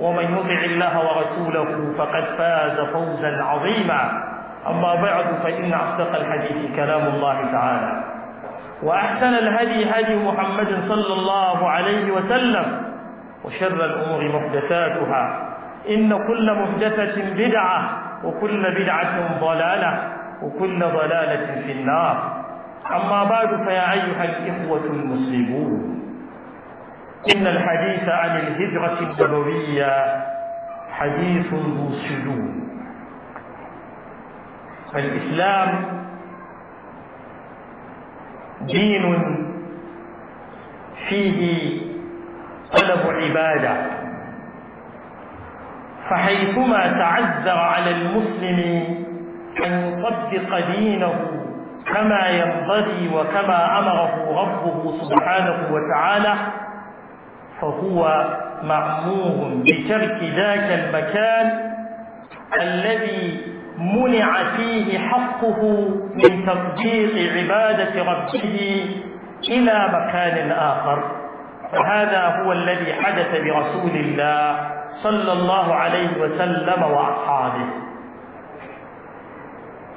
ومن يطع الله ورسوله فقد فاز فوزا عظيما أما بعد فإن أصدق الحديث كلام الله تعالى وأحسن الهدي هدي محمد صلى الله عليه وسلم وشر الأمور محدثاتها إن كل محدثة بدعة وكل بدعة ضلالة وكل ضلالة في النار أما بعد فيا أيها الإخوة المسلمون إن الحديث عن الهجرة النبوية حديث ذو سجون فالإسلام دين فيه طلب عبادة فحيثما تعذر على المسلم أن يطبق دينه كما ينبغي وكما أمره ربه سبحانه وتعالى فهو معموم بترك ذاك المكان الذي منع فيه حقه من تطبيق عبادة ربه إلى مكان آخر وهذا هو الذي حدث برسول الله صلى الله عليه وسلم وأصحابه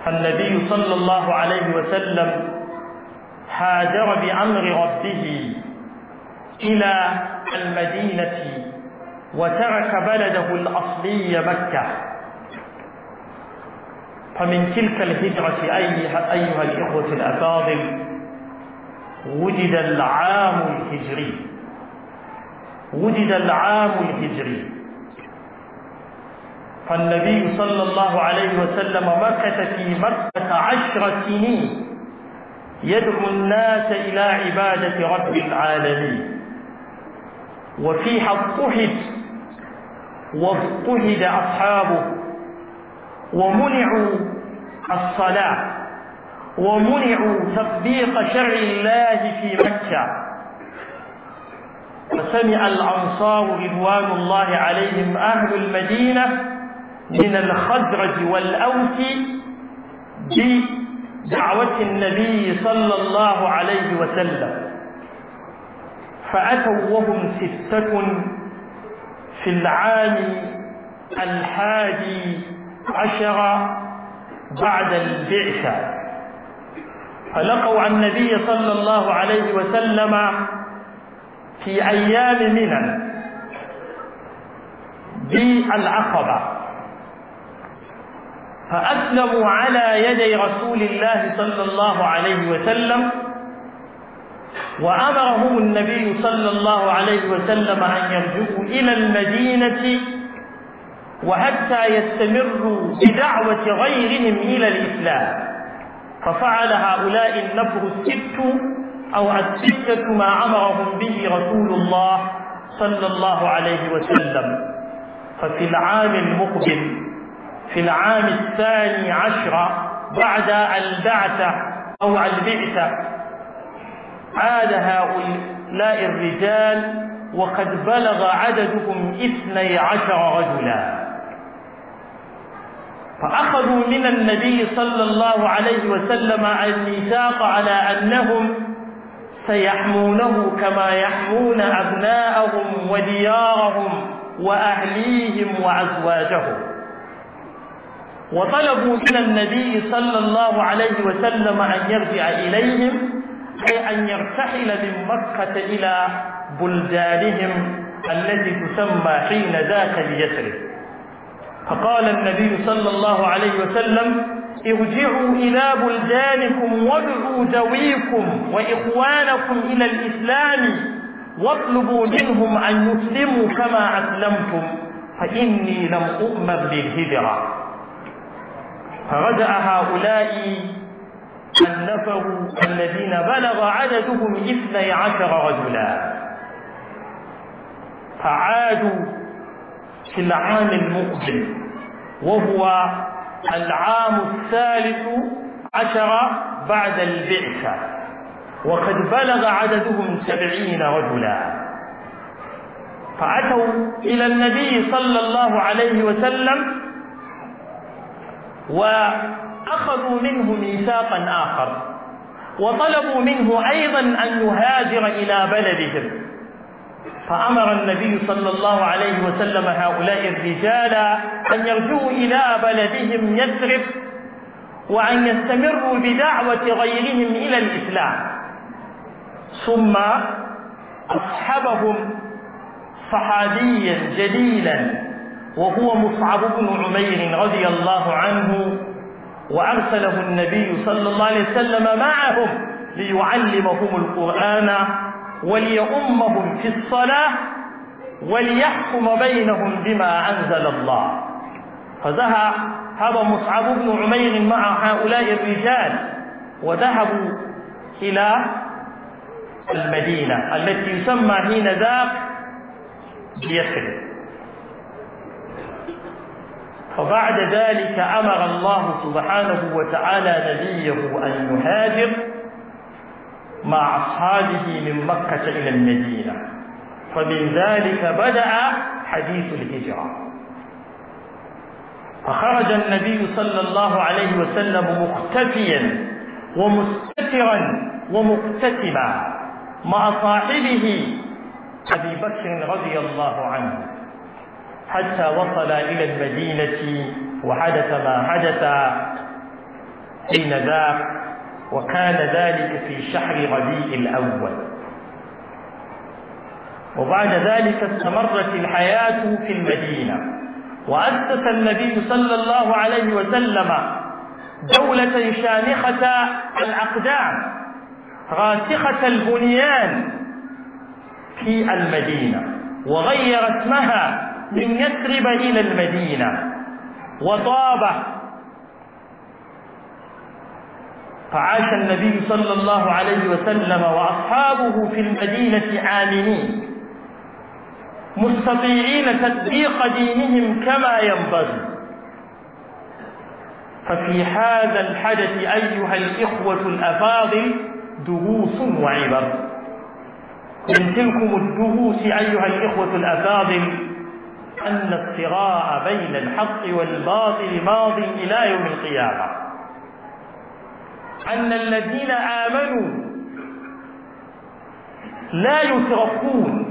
فالنبي صلى الله عليه وسلم هاجر بأمر ربه إلى المدينة وترك بلده الأصلي مكة فمن تلك الهجرة أيها, أيها الإخوة الأفاضل وجد العام الهجري وجد العام الهجري فالنبي صلى الله عليه وسلم مكث في مكة عشر سنين يدعو الناس إلى عبادة رب العالمين وفيها اضطهد واضطهد أصحابه ومنعوا الصلاة ومنعوا تطبيق شرع الله في مكة فسمع الأنصار رضوان الله عليهم أهل المدينة من الخزرج والأوس بدعوة النبي صلى الله عليه وسلم فأتوا وهم ستة في العام الحادي عشر بعد البعثة فلقوا عن النبي صلى الله عليه وسلم في أيام منى بالعقبة فأسلموا على يدي رسول الله صلى الله عليه وسلم وأمرهم النبي صلى الله عليه وسلم أن يرجعوا إلى المدينة وحتى يستمروا بدعوة غيرهم إلى الإسلام ففعل هؤلاء النفر الست أو الستة ما أمرهم به رسول الله صلى الله عليه وسلم ففي العام المقبل في العام الثاني عشر بعد البعثة أو البعثة عاد هؤلاء الرجال وقد بلغ عددهم اثني عشر رجلا فأخذوا من النبي صلى الله عليه وسلم الميثاق على أنهم سيحمونه كما يحمون أبناءهم وديارهم وأهليهم وأزواجهم وطلبوا من النبي صلى الله عليه وسلم أن يرجع إليهم أي أن يرتحل من مكة إلى بلدانهم التي تسمى حين ذاك بيسر فقال النبي صلى الله عليه وسلم ارجعوا إلى بلدانكم وادعوا ذويكم وإخوانكم إلى الإسلام واطلبوا منهم أن يسلموا كما أسلمتم فإني لم أؤمر بالهجرة فرجع هؤلاء ألفه الذين بلغ عددهم اثني عشر رجلا فعادوا في العام المقبل وهو العام الثالث عشر بعد البعثة وقد بلغ عددهم سبعين رجلا فأتوا إلى النبي صلى الله عليه وسلم و أخذوا منه ميثاقا آخر وطلبوا منه أيضا أن يهاجر إلى بلدهم فأمر النبي صلى الله عليه وسلم هؤلاء الرجال أن يرجعوا إلى بلدهم يثرب وأن يستمروا بدعوة غيرهم إلى الإسلام ثم أصحبهم صحابيا جليلا وهو مصعب بن عمير رضي الله عنه وأرسله النبي صلى الله عليه وسلم معهم ليعلمهم القرآن وليؤمهم في الصلاة وليحكم بينهم بما أنزل الله فذهب هذا مصعب بن عمير مع هؤلاء الرجال وذهبوا إلى المدينة التي يسمى حين ذاك بيثرب فبعد ذلك أمر الله سبحانه وتعالى نبيه أن يهاجر مع أصحابه من مكة إلى المدينة فمن ذلك بدأ حديث الهجرة فخرج النبي صلى الله عليه وسلم مختفيا ومستترا ومقتسما مع صاحبه أبي بكر رضي الله عنه حتى وصل إلى المدينة وحدث ما حدث حين ذاك وكان ذلك في شهر ربيع الأول وبعد ذلك استمرت الحياة في المدينة وأسس النبي صلى الله عليه وسلم دولة شامخة الأقدام راسخة البنيان في المدينة وغير اسمها من يثرب إلى المدينة وطاب فعاش النبي صلى الله عليه وسلم وأصحابه في المدينة آمنين مستطيعين تطبيق دينهم كما ينبغي ففي هذا الحدث أيها الإخوة الأفاضل دروس وعبر من تلكم الدروس أيها الإخوة الأفاضل أن الصراع بين الحق والباطل ماض إلى يوم القيامة أن الذين آمنوا لا يترفون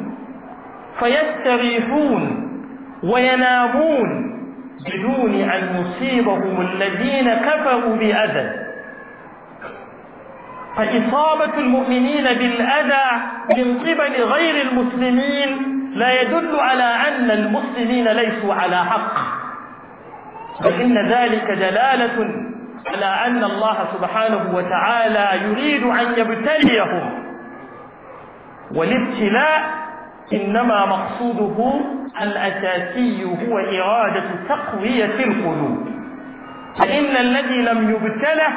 فيستريحون وينامون بدون أن يصيبهم الذين كفروا بأذى فإصابة المؤمنين بالأذى من قبل غير المسلمين لا يدل على أن المسلمين ليسوا على حق بل إن ذلك دلالة على أن الله سبحانه وتعالى يريد أن يبتليهم والابتلاء إنما مقصوده الأساسي هو إرادة تقوية القلوب فإن الذي لم يبتله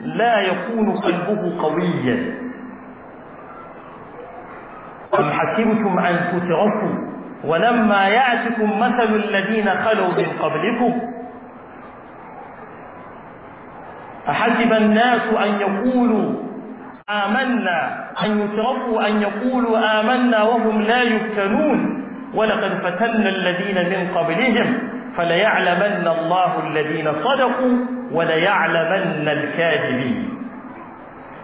لا يكون قلبه قويا أم حسبتم أن تترفوا ولما يأتكم مثل الذين خلوا من قبلكم أحسب الناس أن يقولوا آمنا أن يترفوا أن يقولوا آمنا وهم لا يفتنون ولقد فتنا الذين من قبلهم فليعلمن الله الذين صدقوا وليعلمن الكاذبين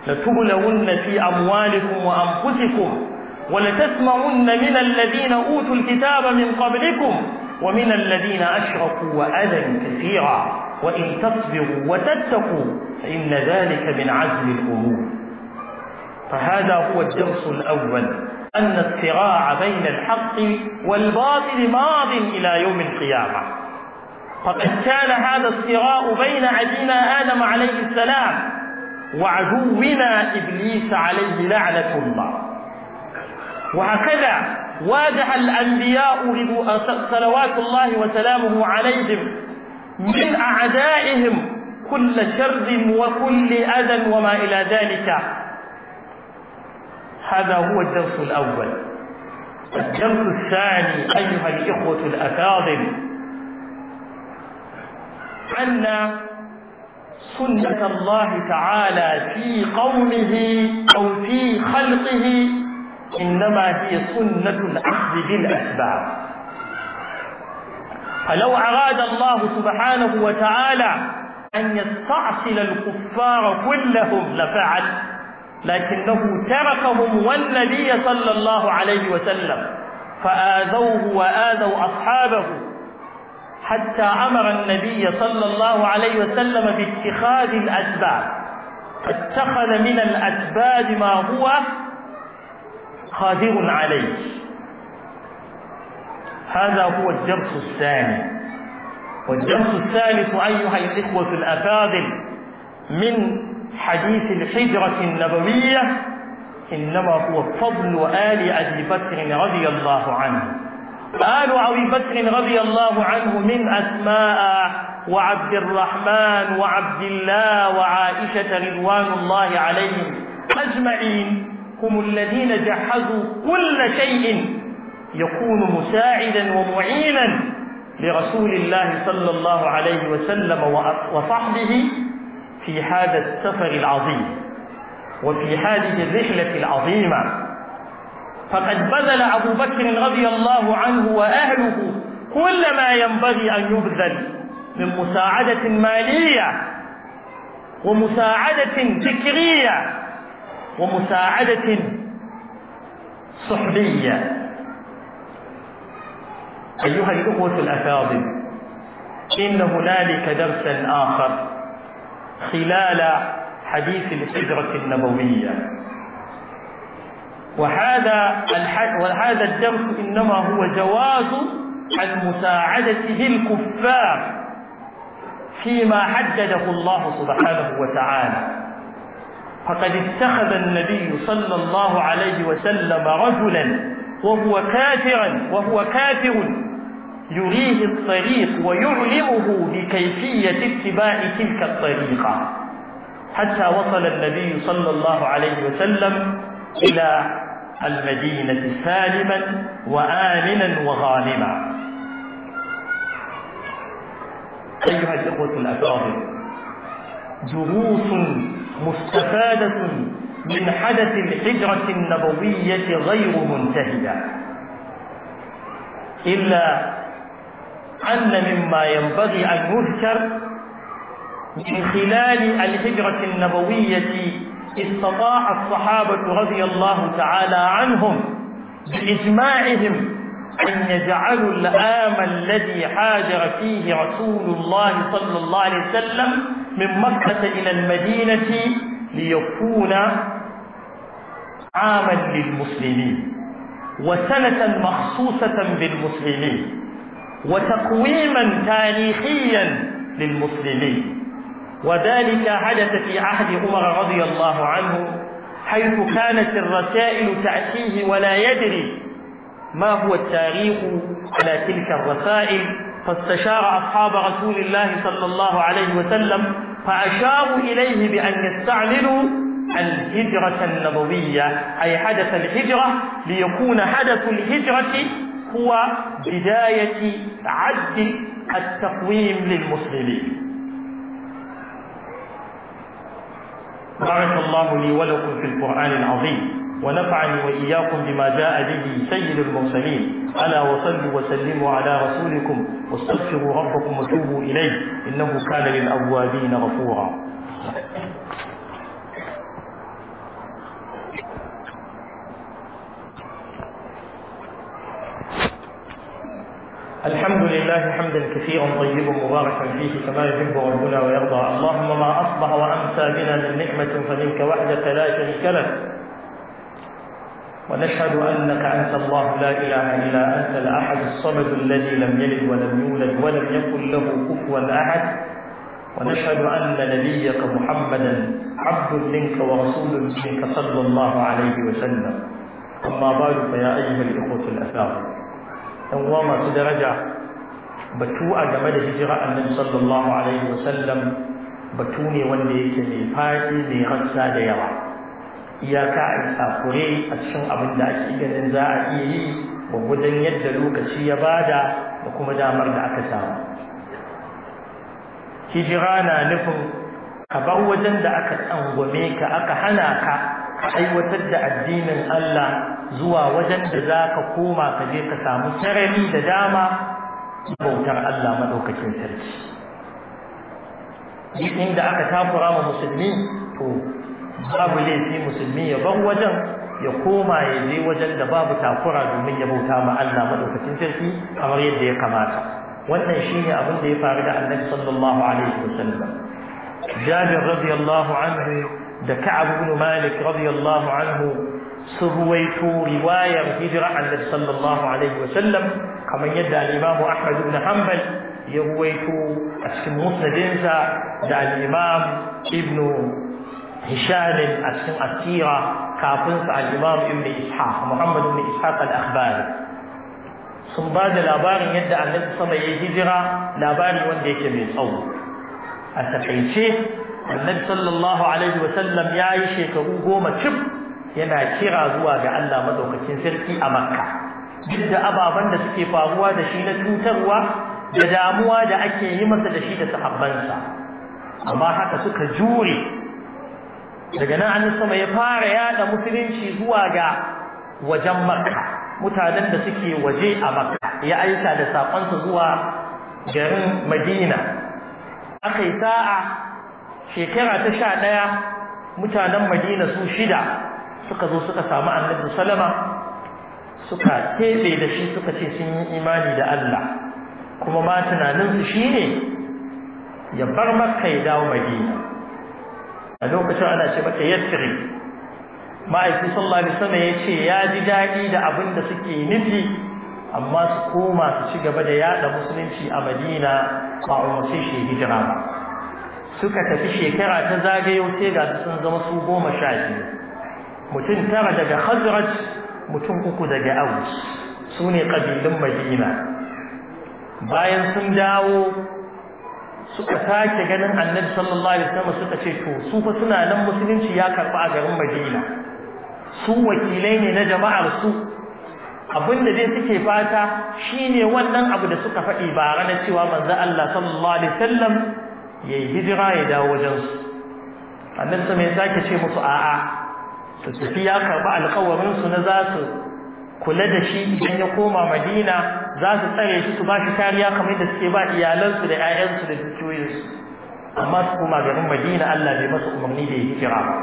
لتبلون في أموالكم وأنفسكم ولتسمعن من الذين أوتوا الكتاب من قبلكم ومن الذين أشركوا وأذى كثيرا وإن تصبروا وتتقوا فإن ذلك من عزم الأمور فهذا هو الدرس الأول أن الصراع بين الحق والباطل ماض إلى يوم القيامة فقد كان هذا الصراع بين عدينا آدم عليه السلام وعدونا إبليس عليه لعنة الله وهكذا واجه الأنبياء صلوات الله وسلامه عليهم من أعدائهم كل شر وكل أذى وما إلى ذلك هذا هو الدرس الأول الدرس الثاني أيها الإخوة الأفاضل أن سنة الله تعالى في قومه أو في خلقه إنما هي سنة العبد بالأسباب فلو أراد الله سبحانه وتعالى أن يستعصل الكفار كلهم لفعل لكنه تركهم والنبي صلى الله عليه وسلم فآذوه وآذوا أصحابه حتى أمر النبي صلى الله عليه وسلم باتخاذ الأسباب فاتخذ من الأسباب ما هو قادر عليه هذا هو الدرس الثاني والدرس الثالث أيها الإخوة الأفاضل من حديث الحجرة النبوية إنما هو فضل آل أبي بكر رضي الله عنه آل أبي بكر رضي الله عنه من أسماء وعبد الرحمن وعبد الله وعائشة رضوان الله عليهم أجمعين هم الذين جحدوا كل شيء يكون مساعدا ومعينا لرسول الله صلى الله عليه وسلم وصحبه في هذا السفر العظيم وفي هذه الرحلة العظيمة فقد بذل أبو بكر رضي الله عنه وأهله كل ما ينبغي أن يبذل من مساعدة مالية ومساعدة فكرية ومساعدة صحبية أيها الأخوة الأفاضل إن هنالك درسا آخر خلال حديث الهجرة النبوية وهذا وهذا الدرس إنما هو جواز عن مساعدته الكفار فيما حدده الله سبحانه وتعالى فقد اتخذ النبي صلى الله عليه وسلم رجلا وهو كافرا وهو كافر يريه الطريق ويعلمه بكيفية اتباع تلك الطريقة حتى وصل النبي صلى الله عليه وسلم إلى المدينة سالما وآمنا وغانما أيها الإخوة الأفاضل دروس مستفادة من حدث الحجرة النبوية غير منتهية إلا أن مما ينبغي أن يذكر من خلال الهجرة النبوية استطاع الصحابة رضي الله تعالى عنهم بإجماعهم أن يجعلوا الآم الذي حاجر فيه رسول الله صلى الله عليه وسلم من مكة إلى المدينة ليكون عاما للمسلمين وسنة مخصوصة بالمسلمين وتقويما تاريخيا للمسلمين وذلك حدث في عهد عمر رضي الله عنه حيث كانت الرسائل تأتيه ولا يدري ما هو التاريخ على تلك الرسائل فاستشار أصحاب رسول الله صلى الله عليه وسلم فأشاروا إليه بأن يستعملوا الهجرة النبوية أي حدث الهجرة ليكون حدث الهجرة هو بداية عد التقويم للمسلمين بارك الله لي ولكم في القرآن العظيم ونفعني وإياكم بما جاء به سيد المرسلين ألا وصلوا وسلموا على رسولكم واستغفروا ربكم وتوبوا إليه إنه كان للأوابين غفورا الحمد لله حمدا كثيرا طيبا مباركا فيه كما يحب ربنا ويرضى اللهم ما أصبح وأمسى بنا من نعمة فمنك وحدك لا شريك لك ونشهد أنك أنت الله لا إله إلا أنت الأحد الصمد الذي لم يلد ولم يولد ولم يكن له كفوا أحد ونشهد أن نبيك محمدا عبد منك ورسول منك صلى الله عليه وسلم أما بعد فيا أيها الإخوة الأثار إن وما batu بتوء game da أن صلى الله عليه وسلم بتوني ne wanda yake mai fadi iyaka a tsakure a cikin abin da ake ganin za a iya yi gwagwadon yadda lokaci ya bada da kuma damar da aka samu hijira na nufin ka bar wajen da aka tsangwame ka aka hana ka ka aiwatar da addinin Allah zuwa wajen da za ka koma ka je ka samu sarari da dama bautar Allah maɗaukacin sarki duk inda aka tafura ma musulmi to babu laifi musulmi ya bar wajen ya koma ya je wajen da babu takura domin ya bauta ma Allah madaukakin sarki kamar yadda ya kamata wannan shine abin da ya faru da Annabi sallallahu alaihi wasallam Jabir radiyallahu anhu da Ka'ab ibn Malik radiyallahu anhu su ruwaito riwayar hijira Annabi sallallahu alaihi wasallam kamar yadda al-Imam Ahmad ibn Hanbal ya ruwaito a cikin musnadinsa da al-Imam Ibn هشام أسم السيرة كافنس الإمام ابن إسحاق محمد بن إسحاق الأخباري sun ba da labarin yadda annabi sama ya hijira labari wanda yake mai tsawo a takaice annabi sallallahu alaihi wasallam ya yi shekaru goma cif yana kira zuwa ga Allah madaukakin sarki a makka duk da ababen da suke faruwa da shi na cutarwa da damuwa da ake yi masa da shi da sahabbansa amma haka suka jure daga nan an sama ya fara yada musulunci zuwa ga wajen makka mutanen da suke waje a makka ya aika da sakonsa zuwa garin madina aka yi sa'a shekara ta sha ɗaya mutanen madina su shida suka zo suka samu annabi salama suka tebe da shi suka ce sun yi imani da allah kuma ma tunaninsu shine ya bar makka ya dawo madina a lokacin ana ce mata yasri ma'aiki sallallahu alaihi wasallam ya ce ya ji daɗi da abin da suke nufi amma su koma su ci gaba da yaɗa musulunci a madina ba a umarci shi hijira suka tafi shekara ta zagayo sai ga sun zama su goma sha biyu mutum tara daga hazrat mutum uku daga aus su ne ƙabilun madina bayan sun dawo suka sake ganin annabi sallallahu alaihi wasallam suka ce to su fa suna nan musulunci ya karba a garin Madina su wakilai ne na jama'ar su abinda dai suke fata shine wannan abu da suka faɗi bara na cewa manzo Allah sallallahu alaihi wasallam yayi hijira ya dawo wajen su annabi sai ya sake ce musu a'a su tafi ya karba alƙawarin su na za su kula da shi idan ya koma madina za su tsare shi su ba shi kariya kamar da suke ba iyalansu da 'ya'yansu da dukiyoyinsu amma su koma garin madina allah bai masa umarni da ya hijira ba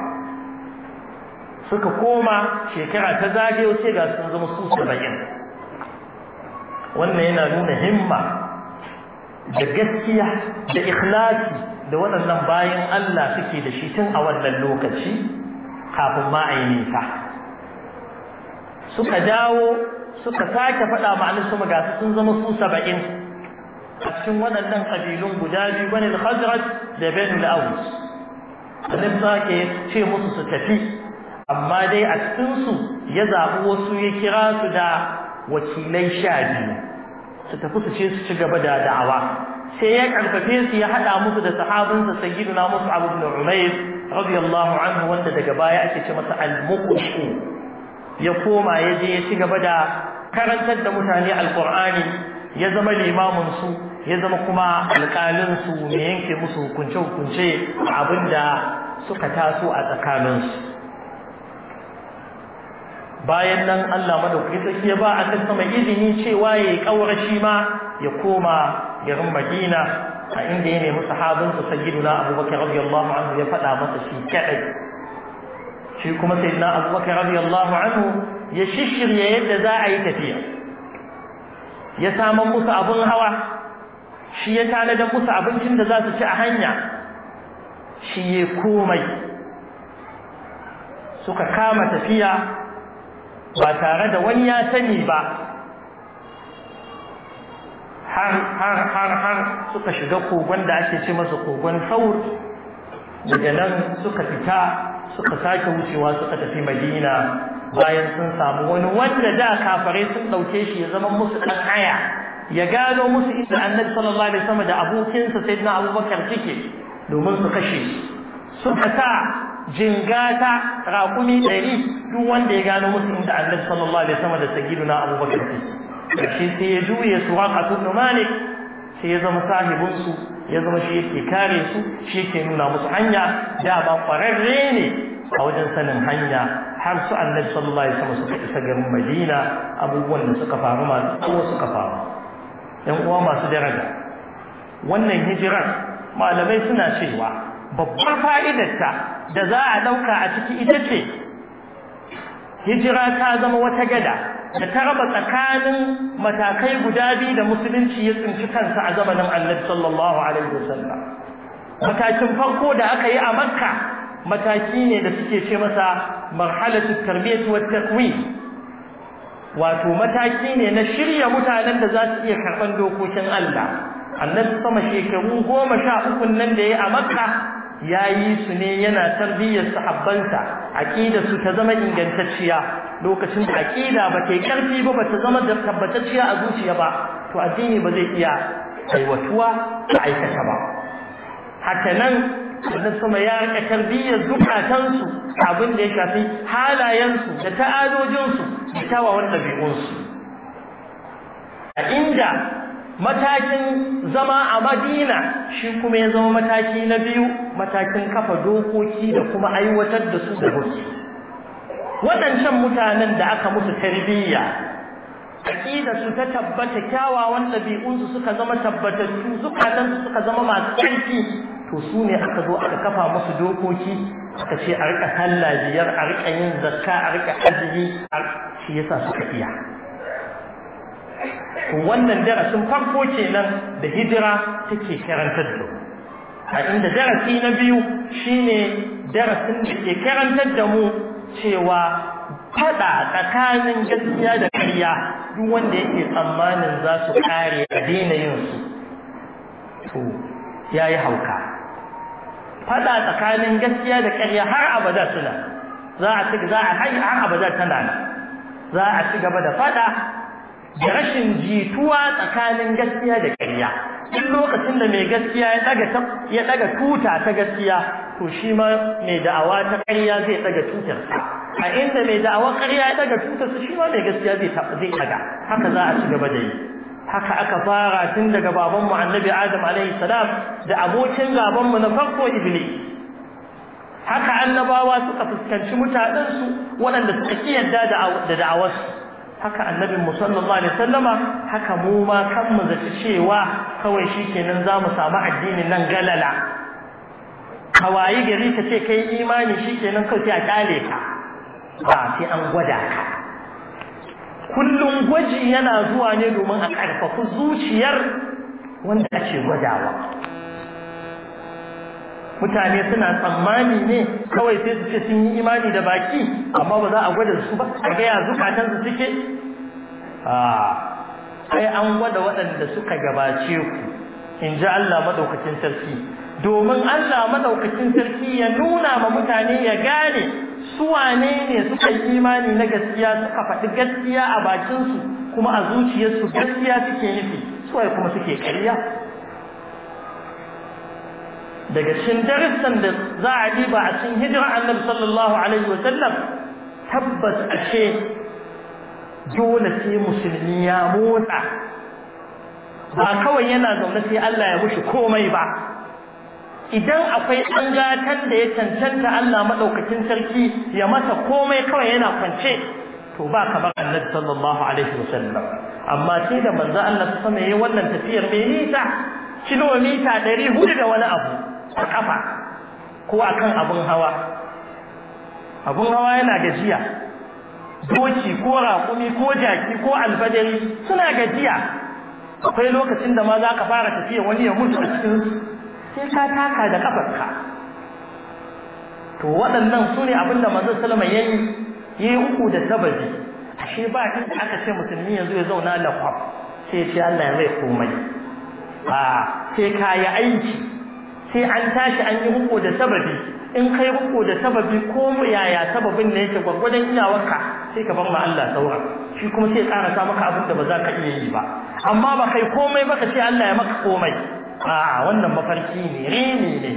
suka koma shekara ta zagayo sai ga sun zama su bakin wannan yana nuna himma da gaskiya da ikhlasi da waɗannan bayan allah suke da shi tun a wannan lokaci kafin ma a yi nisa suka dawo suka sake faɗa ma annabi ga sun zama su saba'in a cikin waɗannan ƙabilun guda biyu bani al-khazraj da bani al-aws annabi sake ce musu su tafi amma dai a cikin su ya zaɓi wasu ya kira su da wakilai sha biyu su tafi su ce su ci gaba da da'awa sai ya karfafe su ya haɗa musu da sahabinsa sayyiduna musu abu bin umair radiyallahu anhu wanda daga baya ake ce masa al-muqshi ya koma ya je ya ci gaba da karantar da mutane alkur'ani ya zama limamin su ya zama kuma alƙalinsu, mai yanke musu hukunce hukunce abinda suka taso a tsakaninsu bayan nan Allah madaukakin sarki ya ba kan sama izini cewa ya shi ma ya koma garin Madina a inda ya nemi sahabinsa sayyiduna Abubakar radiyallahu anhu ya faɗa masa shi kadai shi kuma sayyidina abubakar radiyallahu anhu ya shishirya yadda za a yi tafiya ya saman musu abin hawa shi ya tanadar musu abincin da za su ci a hanya shi ya komai suka kama tafiya ba tare da wani ya sani ba har har har har suka shiga kogon da ake ce masa kogon saur daga nan suka fita suka sake wucewa suka tafi madina bayan sun samu wani wanda da kafare sun dauke shi ya zama musu dan haya ya gano musu inda annabi sallallahu alaihi wasallam da abokinsa sayyidina abubakar kike domin su kashe suka sa jingata raƙumi ɗari duk wanda ya gano musu inda annabi sallallahu alaihi wasallam da sayyidina abubakar suke shi sai ya juye su waka tun malik sai ya zama sahibinsu ya zama shi yake kare su shi yake nuna musu hanya da ba kwararre ne a wajen sanin hanya har su annabi sallallahu alaihi wasallam suka isa garin Madina abubuwan da suka faru masu tsawo suka faru yan uwa masu daraja wannan hijirar malamai suna cewa babbar fa'idarta da za a ɗauka a ciki ita ce hijira ta zama wata gada da ta raba tsakanin matakai guda biyu da musulunci ya tsinci kansa a zamanin annabi sallallahu alaihi wasallam matakin farko da aka yi a makka mataki ne da suke ce masa marhalatu tarbiyatu wat wato mataki ne na shirya mutanen da za su iya karɓar dokokin Allah annabi sama shekaru goma sha uku nan da ya a makka ya yi su ne yana tarbiyyar sahabbansa aqidar su ta zama ingantacciya lokacin da aqida ba ta karfi ba bata zama da tabbatacciya a zuciya ba to addini ba zai iya aiwatuwa da aikata ba haka nan wannan sama ya rika tarbiyyar su abin da ya shafi su da su da kyawawan ɗabi'unsu a inda matakin zama a madina shi kuma ya zama mataki na biyu matakin kafa dokoki da kuma aiwatar da su da hukki waɗancan mutanen da aka musu tarbiyya aqida su ta tabbata kyawawan ɗabi'unsu suka zama tabbatattu zukatan suka zama masu ƙarfi to su ne aka zo aka kafa musu dokoki aka ce a riƙa sallah biyar a riƙa yin zakka a rika azumi shi yasa suka iya wannan darasin farko kenan da hijira take karantar da a inda darasi na biyu shine darasin da ke karantar da mu cewa fada tsakanin gaskiya da ƙarya duk wanda yake tsammanin za su kare a daina yin su to ya yi hauka fada tsakanin gaskiya da ƙarya har abada suna za a ci za a har abada tana za a ci gaba da fada da rashin jituwa tsakanin gaskiya da ƙarya duk lokacin da mai gaskiya ya daga ya daga tuta ta gaskiya to shi ma mai da'awa ta ƙarya zai daga tutar a inda mai da'awa ƙarya ya daga tutar shi ma mai gaskiya zai zai daga haka za a ci gaba da yi haka aka fara tun daga babanmu annabi adam alaihi salam da abokin gabanmu na farko iblis haka annabawa suka fuskanci mutanensu waɗanda suka ƙi yadda da da'awarsu haka annabin mu sallallahu alaihi sallama haka mu ma kan mu zaci cewa kawai shikenan za mu samu addinin nan galala kawai gari ta ce kai imani shikenan kawai sai a kyale ka ba sai an gwada ka kullum gwaji yana zuwa ne domin a ƙarfafi zuciyar wanda ake gwadawa mutane suna tsammani ne kawai sai su ce sun yi imani da baki amma ba za a gwada su ba a gaya zukatan su suke ah, sai an gwada waɗanda suka gabace ku in ji Allah maɗaukacin sarki domin Allah maɗaukacin sarki ya nuna ma mutane ya gane su wane ne suka yi imani na gaskiya suka faɗi gaskiya a bakinsu kuma a zuciyarsu gaskiya suke nufi suwaye kuma suke ƙarya daga cikin darussan da za a diba a cikin hijira annabi sallallahu alaihi wasallam tabbas a ce dole sai musulmi ya motsa ba kawai yana zaune sai Allah ya mushi komai ba idan akwai ɗan gatan da ya cancanta Allah maɗaukacin sarki ya masa komai kawai yana kwance to ba kamar annabi sallallahu alaihi wasallam amma sai da manzo Allah sama yayi wannan tafiyar mai nisa kilomita 400 da wani abu a kafa ko kan abin hawa Abin hawa yana gajiya doki ko raƙumi ko jaki ko albadari suna gajiya akwai lokacin da ma za ka fara tafiya wani ya mutu a cikin sai ka taka da kafarka to waɗannan su ne abin da manzon salama ya yi ya yi uku da sababi ashe ba inda aka ce musulmi yanzu ya zauna lakwaf sai ce Allah ya rai komai a sai ka yi aiki sai an tashi an yi riko da sababi in kai riko da sababi ko yaya sababin ne yake gwargwadon iyawarka sai ka bar ma Allah saura shi kuma sai ƙara sa maka abin da ba za ka iya yi ba amma ba kai komai ba ka ce Allah ya maka komai a wannan mafarki ne rini ne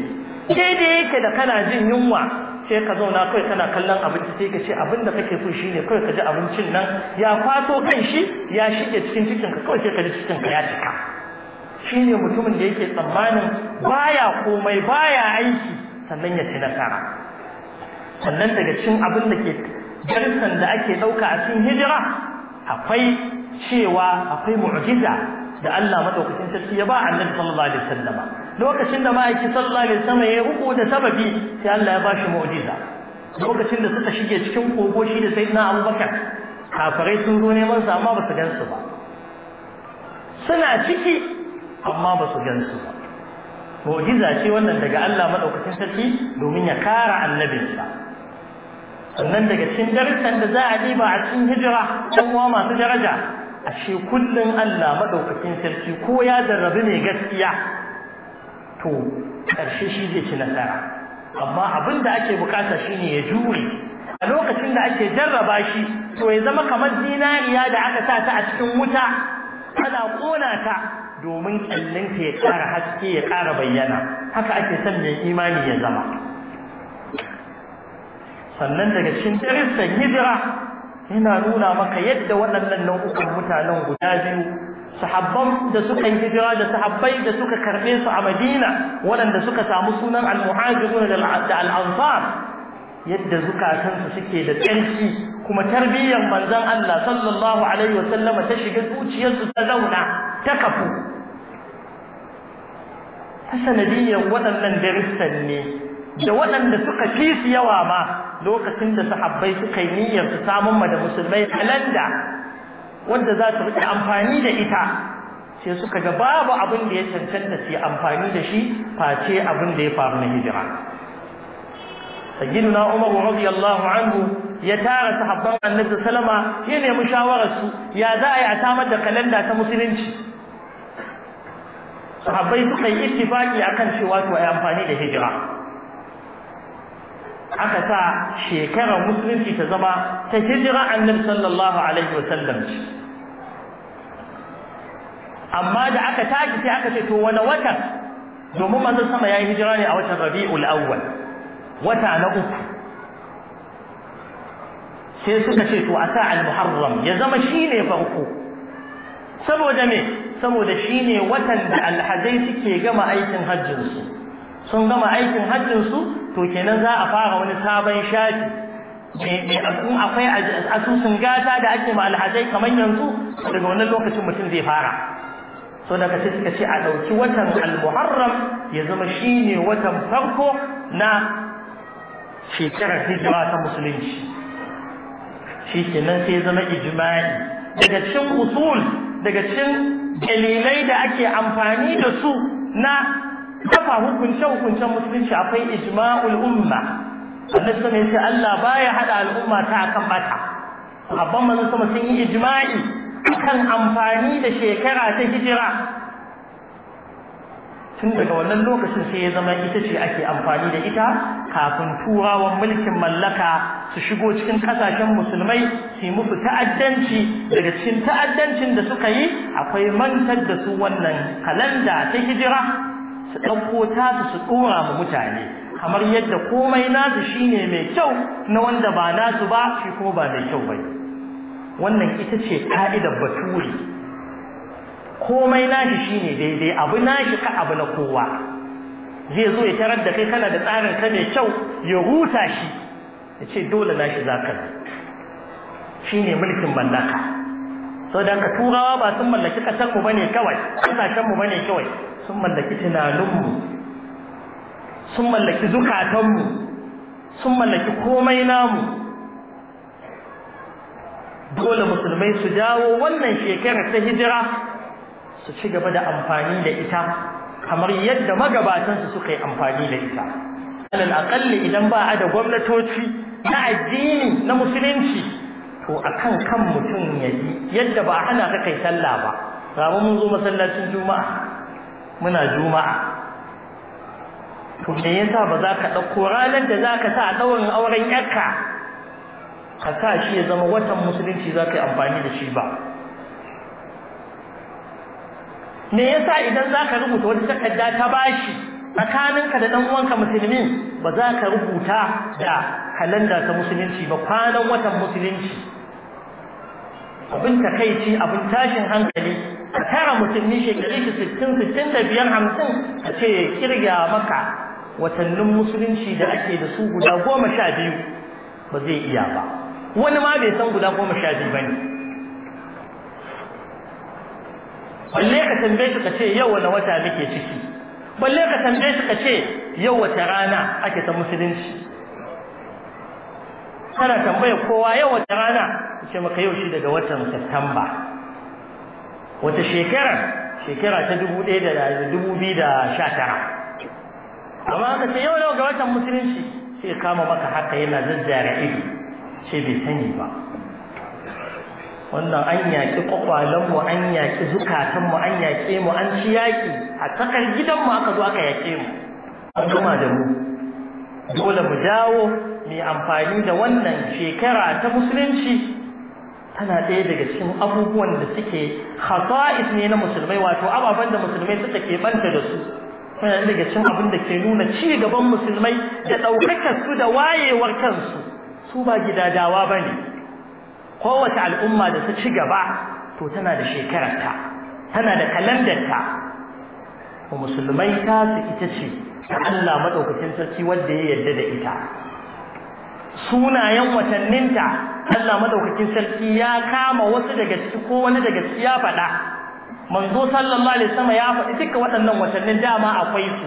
Sai dai yake da kana jin yunwa sai ka zauna kai kana kallon abinci sai ka ce abin da kake so shine kai ka ji abincin nan ya kwato kan shi ya shige cikin cikinka kawai sai ka ji cikinka ya cika shine mutumin da yake tsammanin baya komai baya aiki sannan ya ci nasara sannan daga cikin abin da ke darsan da ake ɗauka a cikin hijira akwai cewa akwai mu'jiza da Allah madaukakin sarki ya ba Annabi sallallahu alaihi wasallam lokacin da ma'aiki sallallahu alaihi wasallam ya ruku da sababi sai Allah ya bashi mu'jiza lokacin da suka shige cikin kogo shi da sayyidina Abubakar kafirai sun zo neman sa amma ba su gan su ba suna ciki amma ba su gansu ba mu'jiza ce wannan daga Allah madaukakin sarki domin ya kara annabinsa sannan daga cikin darussan da za a diba a cikin hijira ɗan uwa masu daraja ashe kullum Allah madaukakin sarki ko ya jarrabi mai gaskiya to ƙarshe shi zai ci nasara amma abin da ake bukata shine ya jure a lokacin da ake jarraba shi to ya zama kamar zinariya da aka sa ta a cikin wuta ana kona ta domin kyallinta ya ƙara haske ya ƙara bayyana haka ake son mai imani ya zama sannan daga cikin darussan hijira ina nuna maka yadda waɗannan nau'ukan mutanen guda biyu sahabban da suka yi hijira da sahabbai da suka karɓe su a madina waɗanda suka samu sunan al-muhajirun da al-ansar yadda zukatansu suke da tsarki kuma tarbiyyar manzon Allah sallallahu alaihi wasallam ta shiga zuciyarsu ta zauna ta kafu ta sanadiyyar waɗannan darussan ne da waɗanda suka fi su yawa ma lokacin da sahabbai suka yi niyyar su samun ma da musulmai kalanda wanda za su rika amfani da ita sai suka ga babu abin da ya cancanta su amfani da shi face abin da ya faru na hijira na umar radiyallahu anhu ya tara sahabban annabi sallama ya nemi shawarar su ya za a yi a samar da kalanda ta musulunci sahabbai suka yi ittifaki akan cewa to ai amfani da hijira aka sa shekarar musulunci ta zama ta hijira annabi sallallahu alaihi sallam. amma da aka tashi sai aka ce to wani watan domin manzon sama ya yi hijira ne a watan rabi'ul awwal wata na uku sai suka ce to a sa al-muharram ya zama shine farko saboda me saboda shine watan da alhazai suke gama aikin hajjin su sun gama aikin hajjin su to kenan za a fara wani sabon shafi in akwai asusun gata da ake ma alhazai kamar yanzu daga wannan lokacin mutum zai fara so daga sai suka ce a ɗauki watan al-muharram ya zama shine watan farko na shekarar hijira ta musulunci shi kenan sai zama ijima'i daga cikin usul daga cikin dalilai da ake amfani da su na kafa hukunce hukuncen musulunci akwai ijma'ul umma annabi sama yace Allah baya hada al'umma ta akan bata abban manzon sama sun yi ijima'i kan amfani da shekara ta hijira tun daga wannan lokacin sai ya zama ita ce ake amfani da ita kafin turawan mulkin mallaka su shigo cikin kasashen musulmai su musu ta'addanci daga cikin ta'addancin da suka yi akwai mantar da su wannan kalanda ta hijira su ɗauko ta su ɗora ma mutane kamar yadda komai nasu shine mai kyau na wanda ba nasu ba shi kuma ba mai kyau ba wannan ita ce ka'idar baturi komai nashi shine daidai abu nashi ka abu na kowa zai zo ya tarar da kai kana da tsarin ka mai kyau ya huta shi ya ce dole na shi zaka shi ne mulkin mallaka sau da ka turawa ba sun mallaki ƙasarmu ba ne kawai ƙasashenmu ba ne kawai sun mallaki tunaninmu sun mallaki zukatanmu sun mallaki komai namu dole musulmai su jawo wannan shekarar ta hijira su ci gaba da amfani da ita kamar yadda magabatansu suka yi amfani da ita alal aƙalli idan ba a da gwamnatoci na addini na musulunci to akan kan mutum ya yi yadda ba a hana ka kai sallah ba ramu mun zo masallacin juma'a muna juma'a to me yasa ba za ka ɗauko ranar da za ka sa a ɗaurin auren yarka ka sa shi ya zama watan musulunci za ka yi amfani da shi ba me yasa idan zaka rubuta wata takarda ta bashi tsakaninka da dan uwanka musulmin ba za ka rubuta da kalanda ta musulunci ba kwanan watan musulunci abin takaici abin tashin hankali a tara musulmi shekaru 60 sittin sittin da biyar hamsin a ce ya kirga maka watannin musulunci da ake da su guda goma sha biyu ba zai iya ba wani ma bai san guda goma sha biyu ba ne balle ka tambaye su ka ce yau wani wata muke ciki balle ka tambaye su ka ce yau wata rana ake ta musulunci kana tambaye kowa yau wata rana ce maka yau shi daga watan Satamba wata shekara shekara ta 2019 amma ka ce yau ga watan musulunci sai kama maka haka yana zazzara ido ce bai sani ba wannan an yaƙi kwakwalenmu an yaƙi zukatanmu an yaƙe mu an ci yaƙi a tsakar gidanmu aka zo aka yake mu an gama da mu dole mu dawo mai amfani da wannan shekara ta musulunci tana ɗaya daga cikin abubuwan da suke hasa'is ne na musulmai wato ababen da musulmai suka ke banta da su yana daga cikin abin da ke nuna ci gaban musulmai da ɗaukakar su da wayewar kansu su ba gidadawa ba ne kowace al'umma da ta ci gaba to tana da shekararta tana da kalandarta wa musulmai ta su ita ce ta Allah madaukakin sarki wanda ya yarda da ita sunayen watanninta Allah madaukakin sarki ya kama wasu daga ciki ko wani daga ciki ya faɗa manzo sallallahu alaihi wasallam ya faɗi duka waɗannan watannin dama akwai su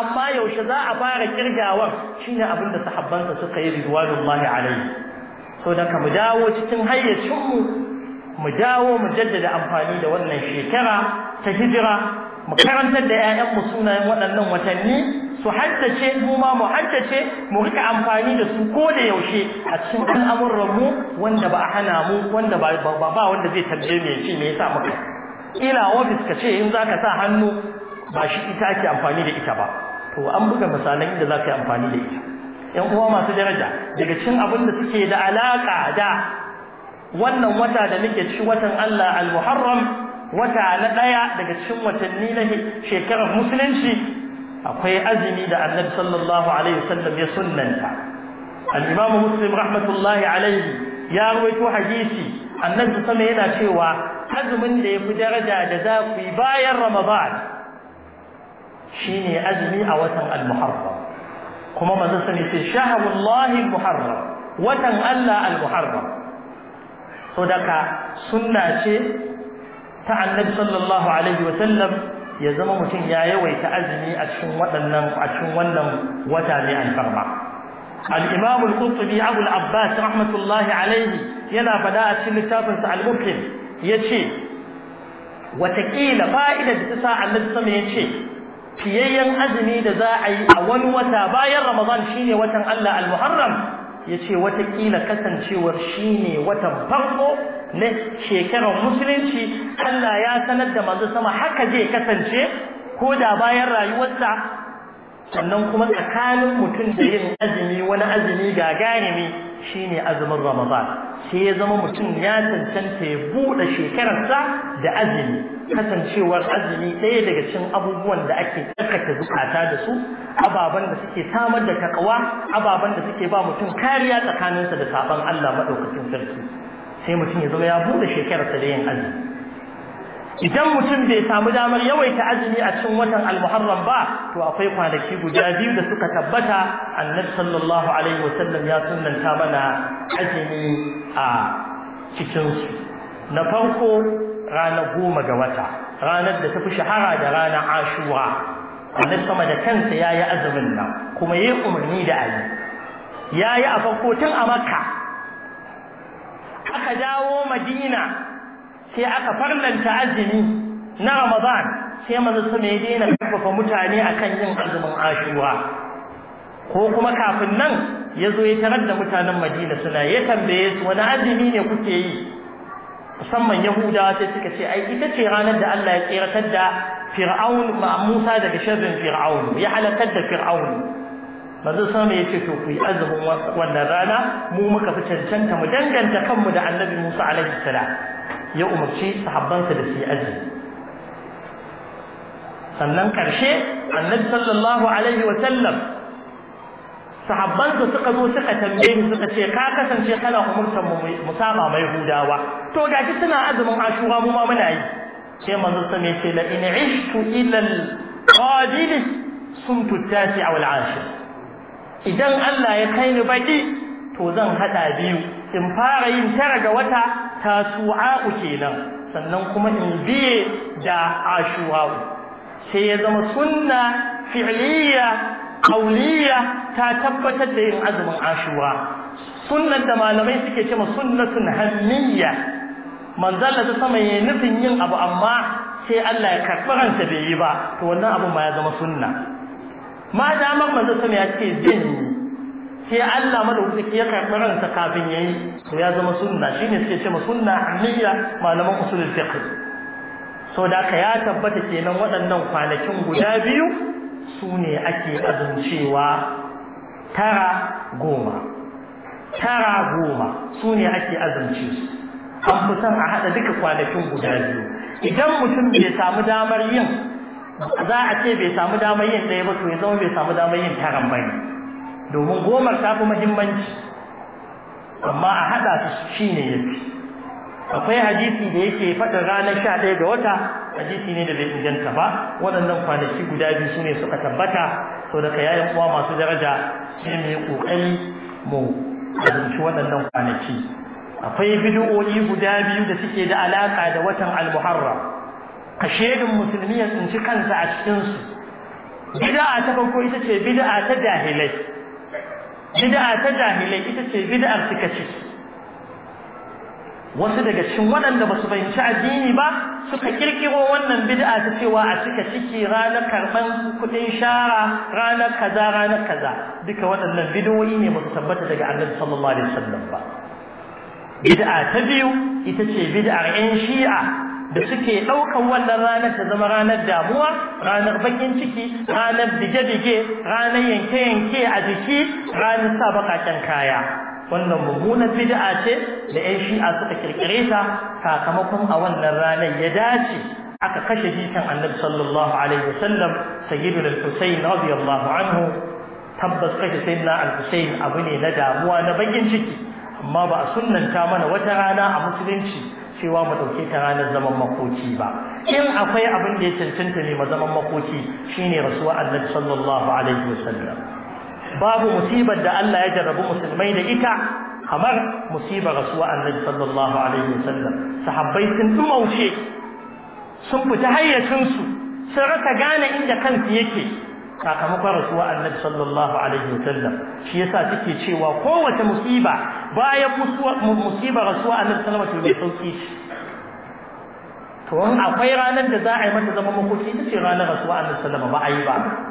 amma yaushe za a fara kirgawar shine abinda sahabbansa suka yi ridwanullahi alaihi so da ka mu dawo cikin hayyacinmu mu dawo mu jaddada amfani da wannan shekara ta hijira mu karantar da 'ya'yanmu sunayen waɗannan watanni su haddace mu mu haddace mu rika amfani da su ko da yaushe a cikin al'amuran mu wanda ba a hana mu wanda ba ba wanda zai tabbe me shi me yasa muka ila ofis ka ce in za ka sa hannu ba shi ita ake amfani da ita ba to an buga misalan inda za ka yi amfani da ita yan uwa masu daraja daga cikin abin da suke da alaƙa da wannan wata da muke ci watan Allah al-Muharram wata na ɗaya daga cikin watanni na shekarar musulunci akwai azumi da Annabi sallallahu alaihi wasallam ya sunnanta al-Imam Muslim rahmatullahi alaihi ya rawaito hadisi Annabi sama yana cewa azumin da yafi daraja da za yi bayan Ramadan shine azumi a watan al-Muharram kuma manzo sani ce shahawullahi muharram watan Allah al-muharram so daga sunna ce ta annabi sallallahu alaihi wa sallam ya zama mutum ya yawaita azumi a cikin waɗannan a cikin wannan wata ne alfarma al-imam al-qurtubi abu al-abbas rahmatullahi alaihi yana faɗa a cikin littafinsa al-mufhim yace watakila fa'idar da ta sa annabi sama yace fiyayyen azumi da za a yi a wani wata bayan ramadan shine watan Allah al-muharram ce watakila kasancewar shine watan farko na shekarar musulunci Allah ya sanar da manzo sama haka zai kasance ko da bayan rayuwarsa sannan kuma tsakanin mutum da yin azumi wani azumi shi shine azumin ramadan sai ya zama mutum ya cancanta ya buɗe shekararsa da azumi kasancewar azumi ɗaya daga cikin abubuwan da ake tsarkake zukata da su ababen da suke samar da takawa ababen da suke ba mutum kariya tsakaninsa da sabon Allah maɗaukacin sarki sai mutum ya zama ya buɗe shekararsa da yin azumi idan mutum bai samu damar yawaita azumi a cikin watan al-muharram ba to akwai kwanaki guda biyu da suka tabbata annabi sallallahu alaihi wasallam ya sunnanta mana azumi a cikin su na farko ranar goma ga wata ranar da tafi shahara da ranar ashura annabi sama da kansa yayi azumin nan kuma yayi umarni da ayi yayi a farko tun a makka aka dawo madina sai aka farlanta azumi na Ramadan sai manzo sama ya daina karfafa mutane akan yin azumin Ashura ko kuma kafin nan ya zo ya tarar da mutanen Madina suna ya tambaye su wani azumi ne kuke yi musamman Yahudawa sai suka ce ai ita ce ranar da Allah ya tsiratar da Fir'aun ma Musa daga sharrin Fir'aun ya halakar da Fir'aun manzo sama yace to ku yi azumin wannan rana mu muka fi cancanta mu danganta kanmu da Annabi Musa alaihi salam ya umarci sahabbansa da su yi sannan karshe annabi sallallahu alaihi wa sallam sahabbansa suka zo suka tambaye shi suka ce ka kasance kana umurtar mu mu saba mai hudawa to gashi suna azumin ashura mu ma muna yi sai sa me ce la in ishtu ila al qadil sumtu tasi aw ashir idan Allah ya kai ni baki to zan hada biyu in fara yin tara ga wata tasu'a'u kenan sannan kuma in biye da ashura'u sai ya zama sunna fi'liya qawliya ta tabbatar da yin azumin ashuwa. sunnan da malamai suke cewa sunnatun hammiya manzala ta sama yayin nufin yin abu amma sai Allah ya karɓi ransa bai yi ba to wannan abun ma ya zama sunna ma da manzo sama ya ce zan yi sai Allah madaukaki ya karɓi ransa kafin ya yi. to ya zama sunna shine suke cewa sunna haniyya malaman usulul fiqh so da ka ya tabbata kenan waɗannan kwanakin guda biyu su ne ake azumcewa tara goma tara goma su ne ake azumce su an fi a haɗa duka kwanakin guda biyu idan mutum bai samu damar yin za a ce bai samu damar yin ɗaya ba to ya zama bai samu damar yin tara ba ne domin gomar ta fi muhimmanci amma a haɗa su shi ne ya fi akwai hadisi da yake faɗin ranar sha ɗaya ga wata hadisi ne da bai inganta ba waɗannan kwanaki guda biyu su ne suka tabbata sau daga yayin uwa masu daraja sai mu yi ƙoƙari mu azumci waɗannan kwanaki akwai bidiyoyi guda biyu da suke da alaƙa da watan al-muharram ka shedin musulmi ya tsinci kansa a cikinsu bid'a ta farko ita ce bid'a ta jahilai bid'a ta jahilai ita ce bid'ar suka ce wasu daga cikin waɗanda ba su fahimci addini ba suka kirkiro wannan bid'a ta cewa a suka ciki ranar karban kuɗin shara ranar kaza ranar kaza duka waɗannan bid'o'i ne ba su tabbata daga annabi sallallahu alaihi wasallam ba bid'a ta biyu ita ce bid'ar 'yan shi'a da suke ɗaukar wannan ranar ta zama ranar damuwa ranar bakin ciki ranar bige-bige ranar yanke-yanke a jiki ranar sa baƙaƙen kaya wannan mummunar bid'a ce da 'yan shi'a suka kirkire ta sakamakon a wannan ranar ya dace aka kashe jikan annabi sallallahu alaihi wasallam sayyidul husayn radiyallahu anhu tabbas kashe sayyidina al-husayn abu ne na damuwa na bakin ciki amma ba a sunnanta mana wata rana a musulunci cewa mu ɗauke ta ranar zaman makoci ba in akwai abin da ya cancanta ne ma zaman makoki shine rasuwa annabi sallallahu alaihi wasallam babu musibar da Allah ya jarrabu musulmai da ita kamar musibar rasuwa annabi sallallahu alaihi wasallam sahabbai sun dumauce sun fita hayyacin su sun rasa gane inda kansu yake sakamakon rasuwa annabi sallallahu alaihi wasallam shi yasa take cewa kowace musiba bayan musiba rasuwa annabi sallallahu alaihi wasallam sauki to akwai ranar da za a yi mata zama makoki ita ce ranar rasuwa annabi sallallahu alaihi wasallam ba a yi ba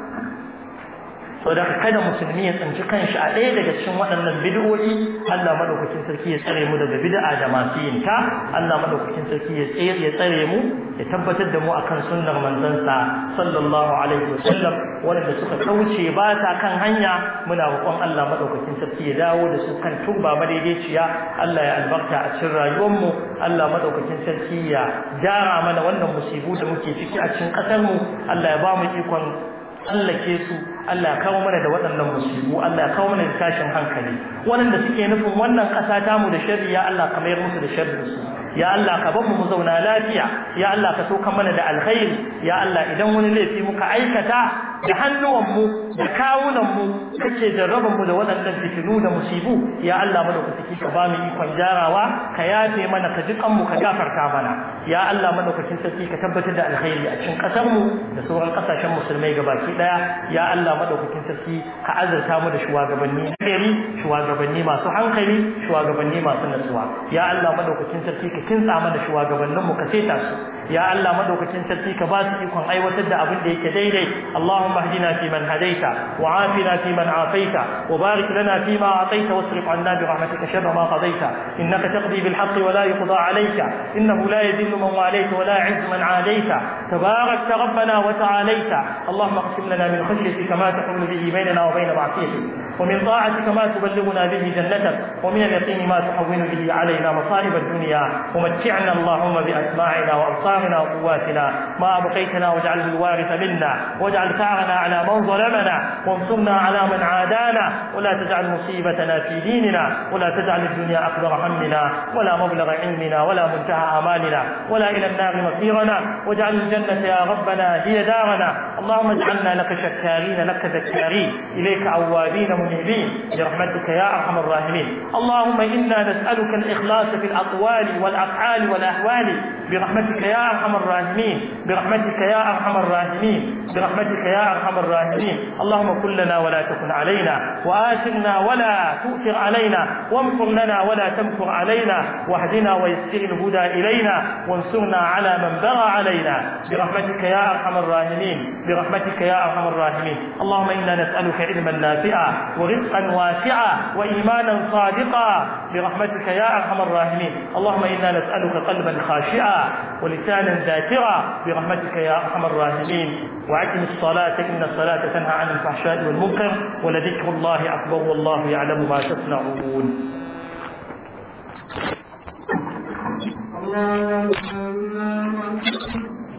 so da kada musulmi ya tsinci kanshi a ɗaya daga cikin waɗannan bid'o'i Allah madaukakin sarki ya tsare mu daga bid'a da masu yin Allah madaukakin sarki ya tsare ya tsare mu ya tabbatar da mu akan sunnar manzon sa sallallahu alaihi wasallam wanda suka kauce ba ta kan hanya muna roƙon Allah madaukakin sarki ya dawo da su kan tuba madaidaiciya Allah ya albarka a cikin rayuwar mu Allah madaukakin sarki ya gyara mana wannan musibu da muke ciki a cikin ƙasar mu Allah ya ba mu ikon tsallake su Allah kawo mana da waɗannan musibu Allah kawo mana da tashin hankali waɗanda suke nufin wannan ƙasa ta mu da sharri ya Allah ka mayar musu da sharri su ya Allah ka bar mu zauna lafiya ya Allah ka sauka mana da alkhairi ya Allah idan wani laifi muka aikata da hannuwan mu da kawunanmu mu kake jarraban mu da waɗannan fitinu da musibu ya Allah madaukaki ka ba mu ikon jarawa ka yafe mana ka ji ka gafarta mana ya Allah madaukakin sarki ka tabbatar da alkhairi a cikin ƙasarmu mu da sauran ƙasashen musulmai gabaki ɗaya. ya Allah madaukakin sarki ka azurta mu da shugabanni gari shuwagabanni masu hankali shuwagabanni masu natsuwa ya Allah madaukakin sarki ka kintsa mana shuwagabanninmu ka seta su ya Allah madaukakin sarki ka ba su ikon aiwatar da abin da yake daidai Allahumma hdina fi man هديت وعافنا فيمن عافيت وبارك لنا فيما أعطيت واصرف عنا برحمتك شر ما قضيت إنك تقضي بالحق ولا يقضى عليك إنه لا يذل من واليت ولا يعز من عاديت تباركت ربنا وتعاليت اللهم اقسم لنا من خشيتك ما تحول به بيننا وبين معصيتك ومن طاعتك ما تبلغنا به جنتك ومن اليقين ما تحول به علينا مصائب الدنيا ومتعنا اللهم بأسماعنا وأبصارنا وقواتنا ما أبقيتنا واجعله الوارث منا واجعل ثارنا على من ظلمنا وانصرنا على من عادانا ولا تجعل مصيبتنا في ديننا ولا تجعل الدنيا أكبر همنا ولا مبلغ علمنا ولا منتهى آمالنا ولا إلى النار مصيرنا واجعل الجنة يا ربنا هي دارنا اللهم اجعلنا لك شكارين لك ذكارين إليك أوابين المهملين برحمتك يا ارحم الراحمين اللهم انا نسالك الاخلاص في الاقوال والافعال والاحوال برحمتك يا ارحم الراحمين برحمتك يا ارحم الراحمين برحمتك يا ارحم الراحمين اللهم كن لنا ولا تكن علينا وآثرنا ولا تؤثر علينا وامكر لنا ولا تمكر علينا واهدنا ويسر الهدى إلينا وانصرنا على من بغى علينا برحمتك يا أرحم الراحمين برحمتك يا أرحم الراحمين اللهم إنا نسألك علما نافعا ورزقا واسعا وإيمانا صادقا برحمتك يا أرحم الراحمين اللهم إنا نسألك قلبا خاشعا ولسانا ذاكرا برحمتك يا ارحم الراحمين واقم الصلاه ان الصلاه تنهى عن الفحشاء والمنكر ولذكر الله اكبر والله يعلم ما تصنعون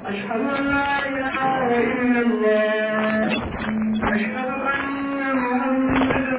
أشهد أن لا إله إلا الله أشهد أن محمدا